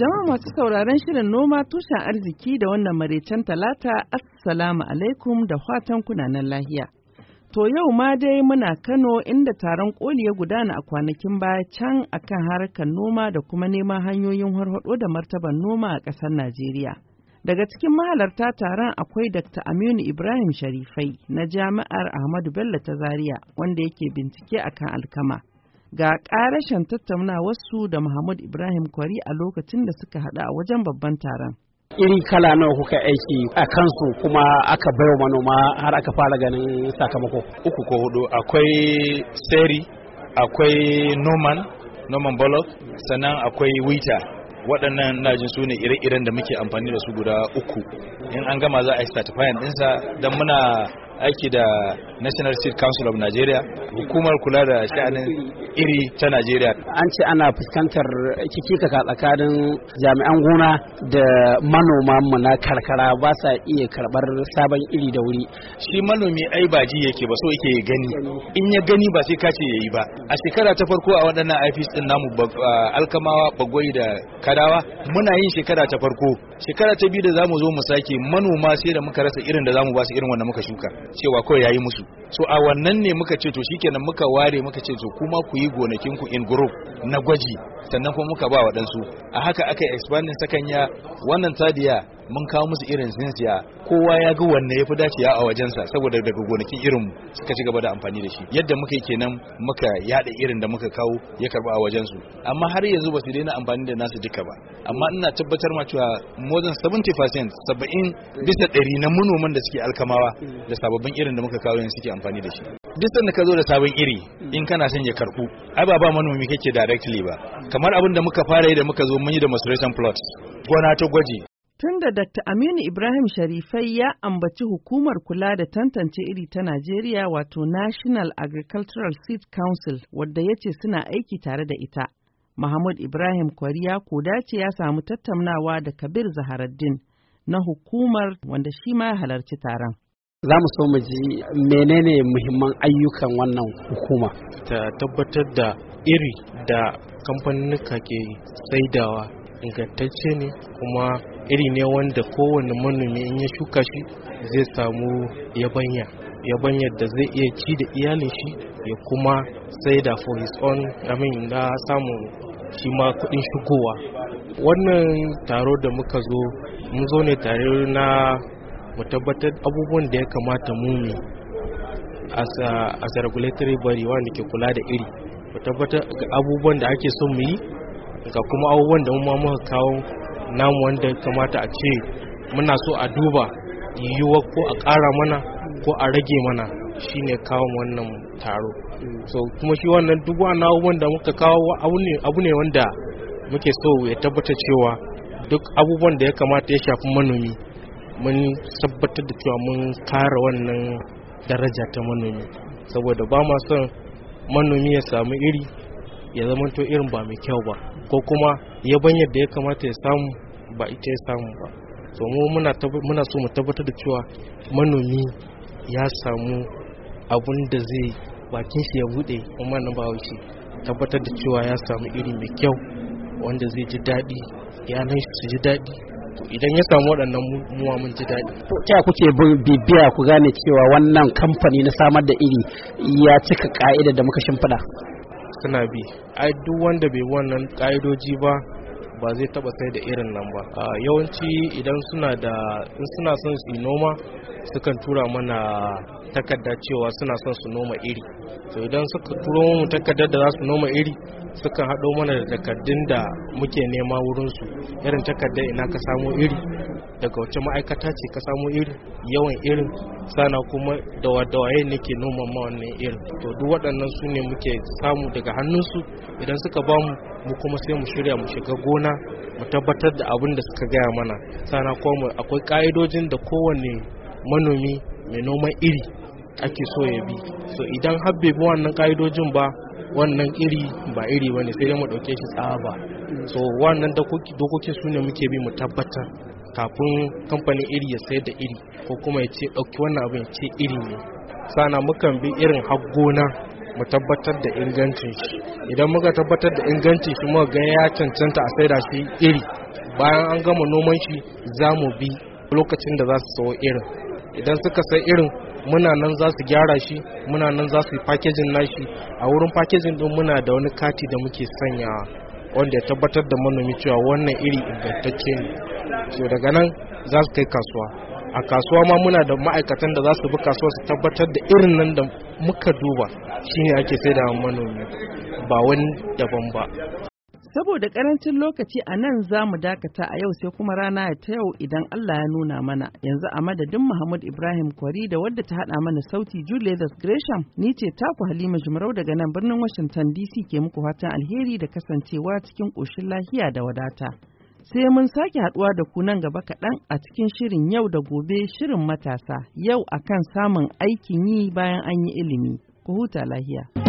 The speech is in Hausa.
Jama'a masu sauraron shirin noma tushen arziki da wannan maraicen talata assalamu alaikum da fatan kunanan lahiya. To yau ma dai muna Kano inda taron koli ya gudana a kwanakin baya can akan harkar noma da kuma neman hanyoyin harhaɗo da martaban noma a ƙasar Najeriya. Daga cikin mahalarta taron akwai Dr. Aminu Ibrahim Sharifai na Jami'ar Ahmadu Bello ta Zaria wanda yake bincike akan alkama. Ga ƙarashin wasu da Muhammad Ibrahim Kwari a lokacin da suka haɗu a wajen babban taron. iri kala nawa kuka aiki a kansu kuma aka baiwa manoma har aka fara ganin sakamako uku ko hudu akwai seri akwai noman noman Bullock, sannan akwai wita waɗannan najin su ne ire-iren da muke amfani da su guda uku in an gama za a yi certifying ɗinsa don muna aiki da National Seed Council of Nigeria hukumar kula da sha'anin iri ta Nigeria. An ce ana fuskantar kikikaka tsakanin jami'an gona da manoma mu na karkara ba sa iya karbar sabon iri da wuri. Shi manomi ai ba ji yake ba so yake gani. In ya gani ba sai kace yayi ba. A shekara ta farko a waɗannan IFIS din namu alkamawa bagwai da kadawa muna yin shekara ta farko shekara ta biyu da zamu zo mu sake manoma sai da muka rasa irin da zamu ba su irin wanda muka shuka cewa kawai yayi musu so a wannan ne muka ce to shikenan muka ware muka ce to kuma ku yi gonakin ku in group na gwaji sannan kuma muka ba waɗansu a haka aka expanding sakanya wannan tadiya mun kawo musu irin zinziya kowa ya ga wanne ya fi dacewa a wajensa saboda daga gonakin irin suka ci gaba da amfani da shi yadda muka yi kenan muka yada irin da muka kawo ya karba a wajensu amma har yanzu ba su daina amfani da nasu duka ba amma ina tabbatar ma cewa more than 70% 70 bisa ɗari na manoman da suke alkamawa da sababbin irin da muka kawo yanzu suke amfani da shi duk sanda ka zo da sabon iri in kana son ya karbu ai ba ba manomi kake directly ba kamar abin da muka fara yi da muka zo mun yi da masturation plot gona ta gwaji Tun da Dr. Aminu Ibrahim Sharifai ya ambaci hukumar kula da tantance iri ta Najeriya wato National Agricultural Seed Council wadda ya ce suna aiki tare da ita. Mahmud Ibrahim Kwariya ko dace ya samu tattaunawa da Kabir Zaharaddin na hukumar wanda shi ma ya halarci taron. Za mu so mu ji menene muhimman ayyukan wannan hukuma. Ta tabbatar da iri da kamfanin ke saidawa ingantacce ne kuma iri ne wanda kowane manomi in ya shuka shi zai samu yabanya yabanya da zai iya ci da iyalin shi ya kuma sai da for his own amin na samu shi ma kudin shigowa wannan taro da muka zo mun zo ne tare na mu tabbatar abubuwan da ya kamata mu ne as a regulatory body wanda ke kula da iri mu tabbatar abubuwan da ake son mu yi ga kuma abubuwan da mu ma muka kawo namu wanda ya kamata a ce muna so a duba yiwuwa ko a ƙara mana ko a rage mana shine kawo wannan taro so kuma shi wannan duk wani abubuwan da muka kawo abu ne wanda muke so ya tabbatar cewa duk abubuwan da ya kamata ya shafi manomi mun tabbatar da cewa mun kara wannan daraja ta manomi saboda ba ma son manomi ya samu iri ya to irin ba mai kyau ba ko kuma ban yadda ya kamata ya samu ba ita ya samu ba so mu muna so mu tabbatar da cewa manomi ya samu abun da zai bakin shi ya bude kuma nan ba wuce tabbatar da cewa ya samu iri mai kyau wanda zai ji daɗi yanan shi su ji daɗi idan ya samu waɗannan muwa mun ji daɗi. Ta kuke bibiya ku gane cewa wannan kamfani na samar da iri ya cika ka'ida da muka shimfiɗa? kana bi ai duk wanda bai wannan ka'idoji ba ba zai taba sai da irin nan ba yawanci idan suna da in suna son su noma sukan tura mana takarda cewa suna son su noma iri to idan suka turo mu takardar da za su noma iri sukan haɗo mana da takardun da muke nema wurin su irin takardar ina ka samo iri daga wacce ma'aikata ce ka samu irin yawan irin sana kuma da dawaye ne ke noma ma wannan irin to duk waɗannan su ne muke samu daga hannunsu idan suka ba mu mu kuma sai mu shirya mu shiga gona mu tabbatar da abin da suka gaya mana sana kuma akwai ka'idojin da kowane manomi mai noman iri ake so ya bi so idan har bai bi wannan ka'idojin ba wannan iri ba iri bane sai dai mu ɗauke shi tsaba so wannan dokokin su ne muke bi mu tabbatar kafin kamfanin iri ya sayar da iri ko kuma ya ce ɗauki wannan abin ya ce iri ne sana mukan bi irin haggona mu tabbatar da ingancin shi idan muka tabbatar da ingancin shi muka ga ya cancanta a saida shi iri bayan an gama noman shi za mu bi lokacin da za su sawo irin idan suka sai irin muna nan za su gyara shi muna nan za su yi nashi a wurin packaging din muna da wani kati da muke sanyawa wanda ya tabbatar da manomi cewa wannan iri ingantacce ne so daga nan za su kai kasuwa a kasuwa ma muna da ma'aikatan da za su bi kasuwa su tabbatar da irin nan da muka duba shine ake sai da manomi ba wani daban ba saboda karancin lokaci a nan za mu dakata a yau sai kuma rana ta yau idan Allah ya nuna mana yanzu a madadin Muhammad Ibrahim Kwari da wadda ta hada mana sauti Julius Gresham ni ce taku Halima Jumarau daga nan birnin Washington DC ke muku fatan alheri da kasancewa cikin koshin lahiya da wadata. Sai mun sake haduwa da ku nan gaba kaɗan a cikin shirin yau da gobe shirin matasa yau akan samun aikin yi bayan an yi ilimi. Ku huta lahiya.